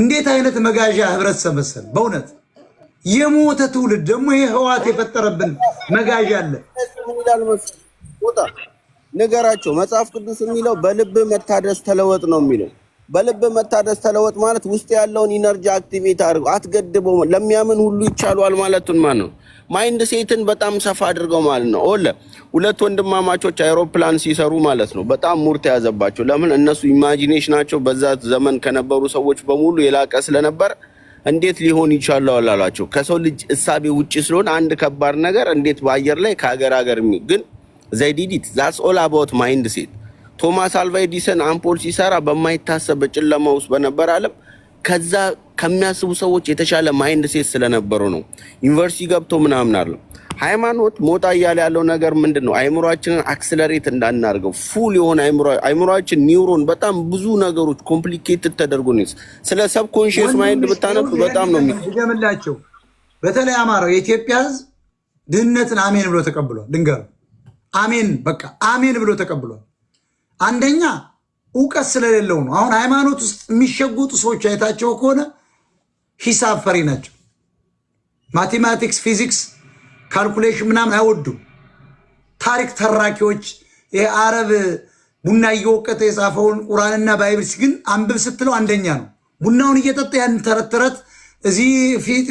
እንዴት አይነት መጋዣ ህብረተሰብ መሰል በእውነት የሞተ ትውልድ ደግሞ ይሄ ህዋት የፈጠረብን መጋዣ አለ። ነገራቸው መጽሐፍ ቅዱስ የሚለው በልብ መታደስ ተለወጥ ነው የሚለው በልብ መታደስ ተለወጥ ማለት ውስጥ ያለውን ኢነርጂ አክቲቬት አድርገው አትገድበው። ለሚያምን ሁሉ ይቻሏል ማለቱን ማለት ነው። ማይንድ ሴትን በጣም ሰፋ አድርገው ማለት ነው። ኦለ ሁለት ወንድማማቾች አይሮፕላን ሲሰሩ ማለት ነው በጣም ሙር ተያዘባቸው። ለምን እነሱ ኢማጂኔሽናቸው በዛ ዘመን ከነበሩ ሰዎች በሙሉ የላቀ ስለነበር እንዴት ሊሆን ይቻላል አላቸው። ከሰው ልጅ እሳቤ ውጪ ስለሆነ አንድ ከባድ ነገር እንዴት በአየር ላይ ከሀገር ሀገር ግን ዘይዲዲት ዛስ ኦል አባውት ማይንድ ሴት ቶማስ አልቫ ኤዲሰን አምፖል ሲሰራ በማይታሰብ በጨለማ ውስጥ በነበረ ዓለም ከዛ ከሚያስቡ ሰዎች የተሻለ ማይንድ ሴት ስለነበሩ ነው። ዩኒቨርሲቲ ገብቶ ምናምን አለ። ሃይማኖት ሞጣ እያለ ያለው ነገር ምንድን ነው? አይምሯችንን አክስለሬት እንዳናርገው ፉል የሆነ አይምሯችን ኒውሮን በጣም ብዙ ነገሮች ኮምፕሊኬትድ ተደርጎ ነው። ስለ ሰብኮንሽስ ማይንድ ብታነብ በጣም ነው የሚገምላቸው። በተለይ አማራው የኢትዮጵያ ህዝብ ድህነትን አሜን ብሎ ተቀብሏል። ድንገሩ አሜን በቃ አሜን ብሎ ተቀብሏል። አንደኛ እውቀት ስለሌለው ነው። አሁን ሃይማኖት ውስጥ የሚሸጉጡ ሰዎች አይታቸው ከሆነ ሂሳብ ፈሪ ናቸው። ማቴማቲክስ፣ ፊዚክስ፣ ካልኩሌሽን ምናምን አይወዱም። ታሪክ ተራኪዎች የአረብ ቡና እየወቀጠ የጻፈውን ቁርአንና ባይብል ግን አንብብ ስትለው አንደኛ ነው። ቡናውን እየጠጣ ያን ተረት ተረት እዚህ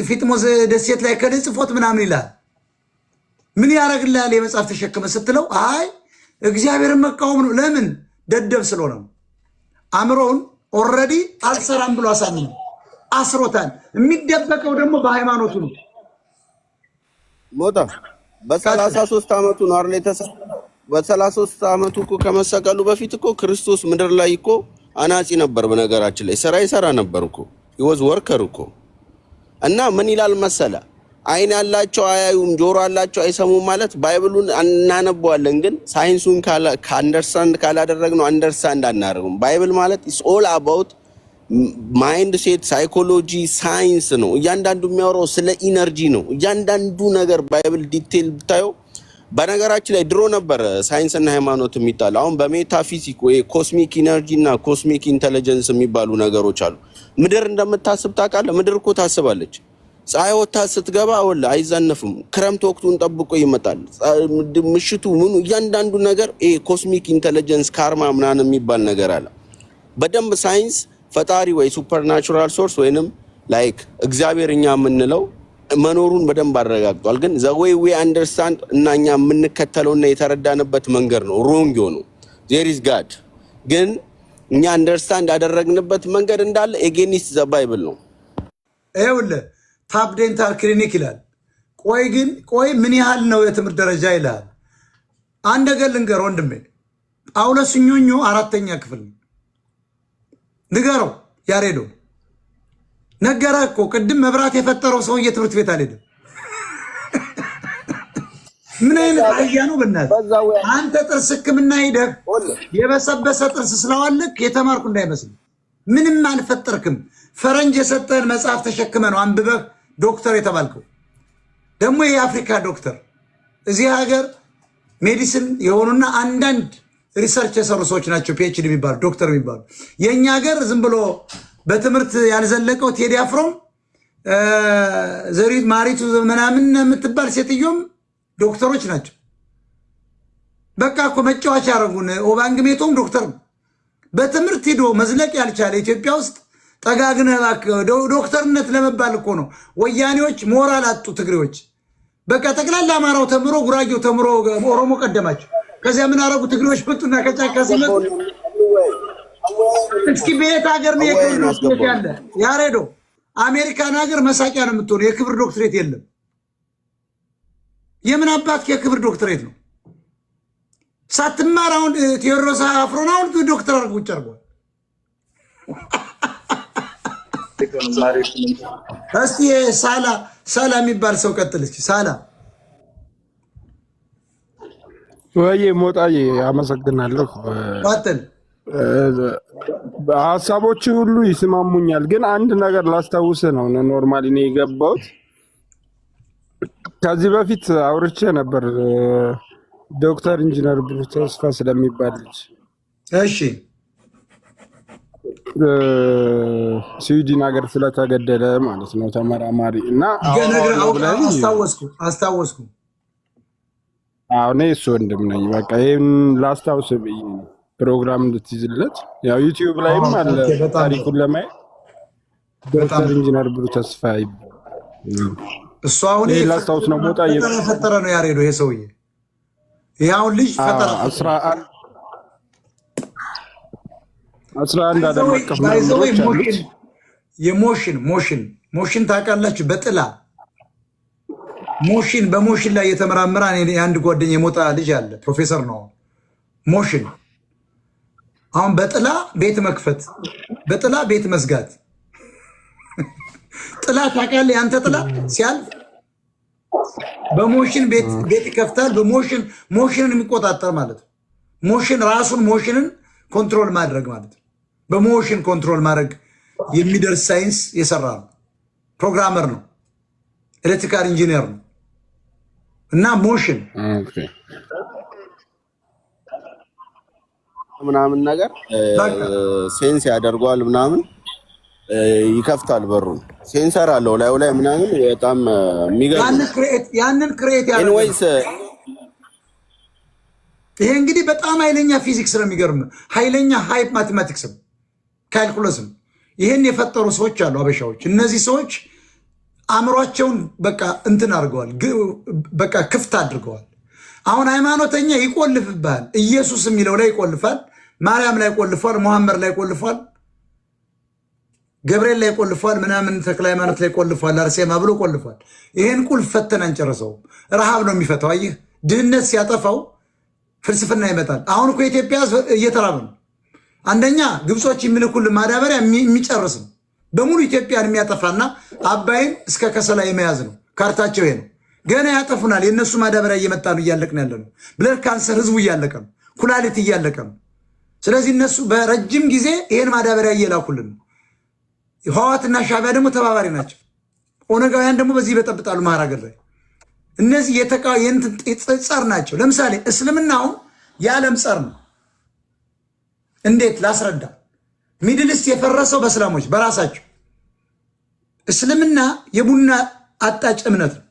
ፊጥሞስ ደሴት ላይ ከደጽፎት ምናምን ይላል። ምን ያደረግላል የመጽሐፍ ተሸክመ ስትለው አይ እግዚአብሔርን መቃወም ነው። ለምን? ደደብ ስለሆነ ነው። አእምሮውን ኦልሬዲ አልሰራም ብሎ አሳምነ አስሮታል። የሚደበቀው ደግሞ በሃይማኖቱ ነው። ሞታ በሰላሳ ሶስት አመቱ ነው አይደል የተሰቀለው? በሰላሳ ሶስት አመቱ እኮ ከመሰቀሉ በፊት እኮ ክርስቶስ ምድር ላይ እኮ አናጺ ነበር። በነገራችን ላይ ስራ ይሰራ ነበር እኮ ወዝ ወርከር እኮ እና ምን ይላል መሰለ አይን ያላቸው አያዩም፣ ጆሮ ያላቸው አይሰሙም ማለት ባይብሉን እናነበዋለን፣ ግን ሳይንሱን አንደርስታንድ ካላደረግነው አንደርስታንድ አናደርጉም። ባይብል ማለት ኢስ ኦል አባውት ማይንድ ሴት፣ ሳይኮሎጂ፣ ሳይንስ ነው። እያንዳንዱ የሚያወራው ስለ ኢነርጂ ነው። እያንዳንዱ ነገር ባይብል ዲቴል ብታየው። በነገራችን ላይ ድሮ ነበር ሳይንስና ሃይማኖት የሚጣል። አሁን በሜታፊዚክ ኮስሚክ ኢነርጂ እና ኮስሚክ ኢንቴሊጀንስ የሚባሉ ነገሮች አሉ። ምድር እንደምታስብ ታውቃለህ? ምድር እኮ ታስባለች። ፀሐይ ወታ ስትገባ ወላ አይዛነፍም። ክረምት ወቅቱን ጠብቆ ይመጣል። ምሽቱ ምኑ እያንዳንዱ ነገር ኮስሚክ ኢንቴሊጀንስ ካርማ ምናምን የሚባል ነገር አለ። በደንብ ሳይንስ ፈጣሪ ወይ ሱፐርናቹራል ሶርስ ወይንም ላይክ እግዚአብሔር እኛ የምንለው መኖሩን በደንብ አረጋግጧል። ግን ዘወይ ዊ አንደርስታንድ እና እኛ የምንከተለውና የተረዳንበት መንገድ ነው ሮንግ የሆነው ዜሪዝ ጋድ ግን እኛ አንደርስታንድ ያደረግንበት መንገድ እንዳለ ኤጌኒስት ዘ ባይብል ነው ይውል ታፕ ዴንታል ክሊኒክ ይላል። ቆይ ግን ቆይ ምን ያህል ነው የትምህርት ደረጃ ይላል። አንድ ነገር ልንገር ወንድሜ፣ ጳውሎስ ኞኞ አራተኛ ክፍል ንገረው። ያሬዶ ነገረ እኮ ቅድም መብራት የፈጠረው ሰውዬ ትምህርት ቤት አልሄድም። ምን አይነት አህያ ነው በእናትህ አንተ! ጥርስ ሕክምና ሂደህ የበሰበሰ ጥርስ ስለዋልክ የተማርኩ እንዳይመስል ምንም አልፈጠርክም። ፈረንጅ የሰጠህን መጽሐፍ ተሸክመ ነው አንብበህ ዶክተር የተባልከው ደግሞ የአፍሪካ ዶክተር እዚህ ሀገር ሜዲሲን የሆኑና አንዳንድ ሪሰርች የሰሩ ሰዎች ናቸው ፒኤችዲ የሚባሉ ዶክተር የሚባሉ። የእኛ ሀገር ዝም ብሎ በትምህርት ያልዘለቀው ቴዲ አፍሮም ማሪቱ ምናምን የምትባል ሴትዮም ዶክተሮች ናቸው። በቃ እኮ መጫወቻ ያደረጉን። ኦባንግ ሜቶም ዶክተር ነው። በትምህርት ሂዶ መዝለቅ ያልቻለ ኢትዮጵያ ውስጥ ጠጋግነ ዶክተርነት ለመባል እኮ ነው። ወያኔዎች ሞራል አጡ። ትግሬዎች በቃ ጠቅላላ አማራው ተምሮ፣ ጉራጌው ተምሮ፣ ኦሮሞ ቀደማቸው። ከዚያ ምን አረጉ? ትግሬዎች መጡና ከጫካ ሲመጡ እስኪ በየት ሀገር ነው የክብር ዶክትሬት ያለ? ያሬዶ አሜሪካን ሀገር መሳቂያ ነው የምትሆነው። የክብር ዶክትሬት የለም። የምን አባት የክብር ዶክትሬት ነው? ሳትማር አሁን ቴዎድሮስ አፍሮን አሁን ዶክተር አድርጎ ውጭ አድርጓል። እስቲ ሳላ ሳላ የሚባል ሰው ቀጥልች ሳላ ወይ ሞጣዬ፣ አመሰግናለሁ። ቀጥል። ሀሳቦች ሁሉ ይስማሙኛል፣ ግን አንድ ነገር ላስታውስ ነው። ኖርማሊ ነው የገባሁት። ከዚህ በፊት አውርቼ ነበር ዶክተር ኢንጂነር ብሩ ተስፋ ስለሚባል ልጅ። እሺ ስዊድን ሀገር ስለተገደለ ማለት ነው። ተመራማሪ እና አስታወስኩ አስታወስኩ። እኔ እሱ ወንድም ነኝ። በቃ ይህን ላስታውስ ብዬ ነው ፕሮግራም እንድትይዝለት። ያው ዩቲዩብ ላይም አለ ታሪኩን ለማየት ኢንጂነር ብሩ ተስፋ እሱ አሁን ላስታውስ ነው። ቦታ ፈጠረ ነው ያሬዶ ይሄ ሰውዬ ይህ አሁን ልጅ ፈጠራ የሞሽን ሞሽን ሞሽን ታውቃላችሁ? በጥላ ሞሽን በሞሽን ላይ የተመራመረ የአንድ ጓደኛ የሞጣ ልጅ አለ፣ ፕሮፌሰር ነው። ሞሽን አሁን በጥላ ቤት መክፈት፣ በጥላ ቤት መዝጋት። ጥላ ታውቃለህ? ያንተ ጥላ ሲያልፍ በሞሽን ቤት ይከፍታል። በሞሽን ሞሽንን የሚቆጣጠር ማለት ነው። ሞሽን ራሱን ሞሽንን ኮንትሮል ማድረግ ማለት ነው። በሞሽን ኮንትሮል ማድረግ የሚደርስ ሳይንስ የሰራ ነው። ፕሮግራመር ነው፣ ኤሌክትሪካል ኢንጂነር ነው እና ሞሽን ምናምን ነገር ሴንስ ያደርገዋል ምናምን ይከፍታል በሩን ሴንሰር አለው ላዩ ላይ ምናምን በጣም የሚገርም ያንን ክሬት ያንን ይሄ እንግዲህ በጣም ኃይለኛ ፊዚክስ ነው። የሚገርም ኃይለኛ ሃይፕ ማቴማቲክስም ካልኩለስም ይህን የፈጠሩ ሰዎች አሉ አበሻዎች። እነዚህ ሰዎች አእምሯቸውን በቃ እንትን አድርገዋል፣ በቃ ክፍት አድርገዋል። አሁን ሃይማኖተኛ ይቆልፍብሃል። ኢየሱስ የሚለው ላይ ይቆልፋል፣ ማርያም ላይ ቆልፏል፣ መሐመድ ላይ ቆልፏል፣ ገብርኤል ላይ ቆልፏል፣ ምናምን ተክለ ሃይማኖት ላይ ቆልፏል፣ አርሴማ ብሎ ቆልፏል። ይህን ቁልፍ ፈተን አንጨረሰውም። ረሃብ ነው የሚፈታው። አየህ ድህነት ሲያጠፋው ፍልስፍና ይመጣል። አሁን እኮ ኢትዮጵያ እየተራበ ነው። አንደኛ ግብጾች የሚልኩልን ማዳበሪያ የሚጨርስ ነው በሙሉ ኢትዮጵያን የሚያጠፋና አባይን እስከ ከሰላ የመያዝ ነው ካርታቸው ይሄ ነው። ገና ያጠፉናል። የእነሱ ማዳበሪያ እየመጣ ነው። እያለቅን ያለ ነው። ብለድ ካንሰር ህዝቡ እያለቀ ነው። ኩላሊት እያለቀ ነው። ስለዚህ እነሱ በረጅም ጊዜ ይሄን ማዳበሪያ እየላኩልን ነው። ህዋትና ሻቢያ ደግሞ ተባባሪ ናቸው። ኦነጋውያን ደግሞ በዚህ ይበጠብጣሉ መሀር ሀገር ላይ እነዚህ ጸር ናቸው። ለምሳሌ እስልምናውን የዓለም ጸር ነው። እንዴት ላስረዳ? ሚድልስት የፈረሰው በእስላሞች በራሳቸው እስልምና የቡና አጣጭ እምነት ነው።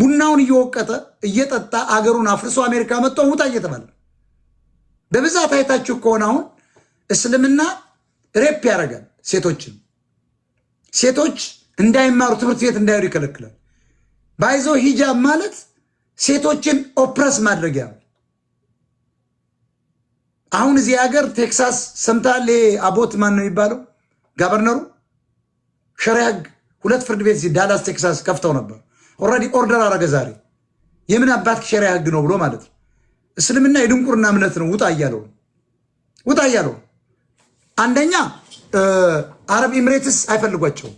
ቡናውን እየወቀጠ እየጠጣ አገሩን አፍርሶ አሜሪካ መጥቶ ውጣ እየተባለ በብዛት አይታችሁ ከሆነ አሁን እስልምና ሬፕ ያደርጋል ሴቶችን ሴቶች እንዳይማሩ ትምህርት ቤት እንዳይሄዱ ይከለክላል። ባይዞ ሂጃብ ማለት ሴቶችን ኦፕረስ ማድረጊያ አሁን እዚህ ሀገር ቴክሳስ ሰምታል። አቦት ማን ነው የሚባለው ጋቨርነሩ? ሸሪያ ህግ ሁለት ፍርድ ቤት እዚህ ዳላስ ቴክሳስ ከፍተው ነበር። ኦልሬዲ ኦርደር አረገ ዛሬ። የምን አባት ሸሪያ ህግ ነው ብሎ ማለት ነው። እስልምና የድንቁርና እምነት ነው፣ ውጣ እያለው ውጣ እያለው። አንደኛ አረብ ኤምሬትስ አይፈልጓቸውም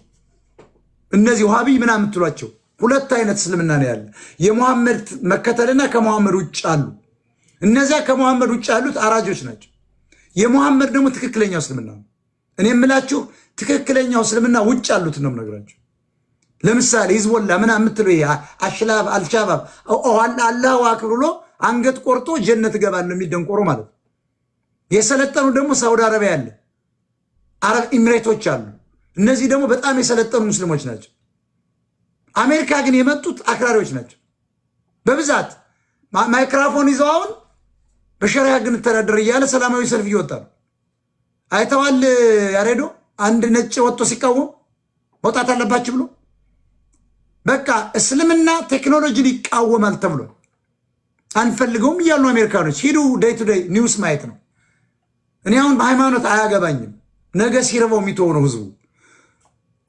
እነዚህ ውሃቢ ምናምን የምትሏቸው ሁለት አይነት እስልምና ነው ያለ፣ የሙሐመድ መከተልና ከሙሐመድ ውጭ አሉ። እነዚያ ከሙሐመድ ውጭ ያሉት አራጆች ናቸው። የሙሐመድ ደግሞ ትክክለኛው እስልምና ነው። እኔ የምላችሁ ትክክለኛው እስልምና ውጭ ያሉት ነው የምነግራችሁ። ለምሳሌ ሂዝቦላ ምን የምትለው አሽላብ አልሻባብ አላሁ አክብር ብሎ አንገት ቆርጦ ጀነት እገባለሁ የሚል ደንቆሮ ማለት ነው። የሰለጠኑ ደግሞ ሳውዲ አረቢያ አለ፣ አረብ ኢሚሬቶች አሉ። እነዚህ ደግሞ በጣም የሰለጠኑ ሙስሊሞች ናቸው። አሜሪካ ግን የመጡት አክራሪዎች ናቸው በብዛት ማይክራፎን ይዘው አሁን በሸሪያ ግን ተዳደር እያለ ሰላማዊ ሰልፍ እየወጣ ነው። አይተዋል። ያሬዶ አንድ ነጭ ወጥቶ ሲቃወም መውጣት አለባችሁ ብሎ በቃ እስልምና ቴክኖሎጂን ይቃወማል ተብሎ አንፈልገውም እያሉ አሜሪካኖች ሂዱ፣ ደይ ቱ ደይ ኒውስ ማየት ነው። እኔ አሁን በሃይማኖት አያገባኝም። ነገ ሲረባው የሚተው ነው ህዝቡ።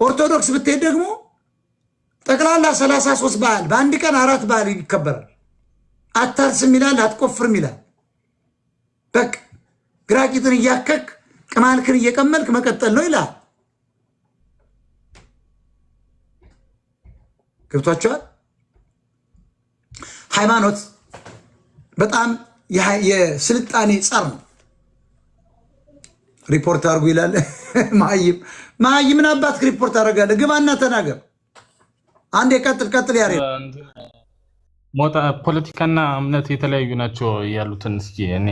ኦርቶዶክስ ብትሄድ ደግሞ ጠቅላላ ሰላሳ ሶስት በዓል በአንድ ቀን አራት በዓል ይከበራል። አታርስም ይላል፣ አትቆፍርም ይላል። በቃ ግራቂትን እያከክ ቅማልክን እየቀመልክ መቀጠል ነው ይላል። ገብቷቸዋል። ሃይማኖት በጣም የስልጣኔ ጸር ነው። ሪፖርት አድርጉ ይላል መሀይም። መሀይምን አባት ሪፖርት አደርጋለሁ። ግባና ተናገር አንድ የቀጥል ቀጥል ያሬ ፖለቲካና እምነት የተለያዩ ናቸው ያሉትን እስኪ እኔ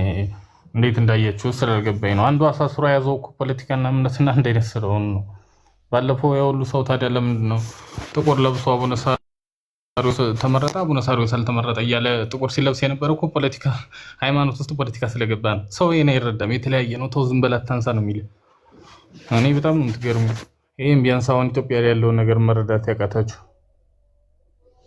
እንዴት እንዳየችው ስላልገባኝ ነው። አንዱ አሳስሮ የያዘው እኮ ፖለቲካና እምነትና አንድ አይነት ነው። ባለፈው የሁሉ ሰው ታዲያ ለምንድን ነው ጥቁር ለብሶ አቡነ ሳሪዎስ ተመረጠ፣ አቡነ ሳሪዎስ አልተመረጠ እያለ ጥቁር ሲለብስ የነበረ እኮ ፖለቲካ ሃይማኖት ውስጥ ፖለቲካ ስለገባ ነው። ሰው ይሄን አይረዳም። የተለያየ ነው። ተው ዝም በላት ታንሳ ነው የሚል እኔ በጣም ነው ይህም ቢያንስ አሁን ኢትዮጵያ ያለውን ነገር መረዳት ያቃታችሁ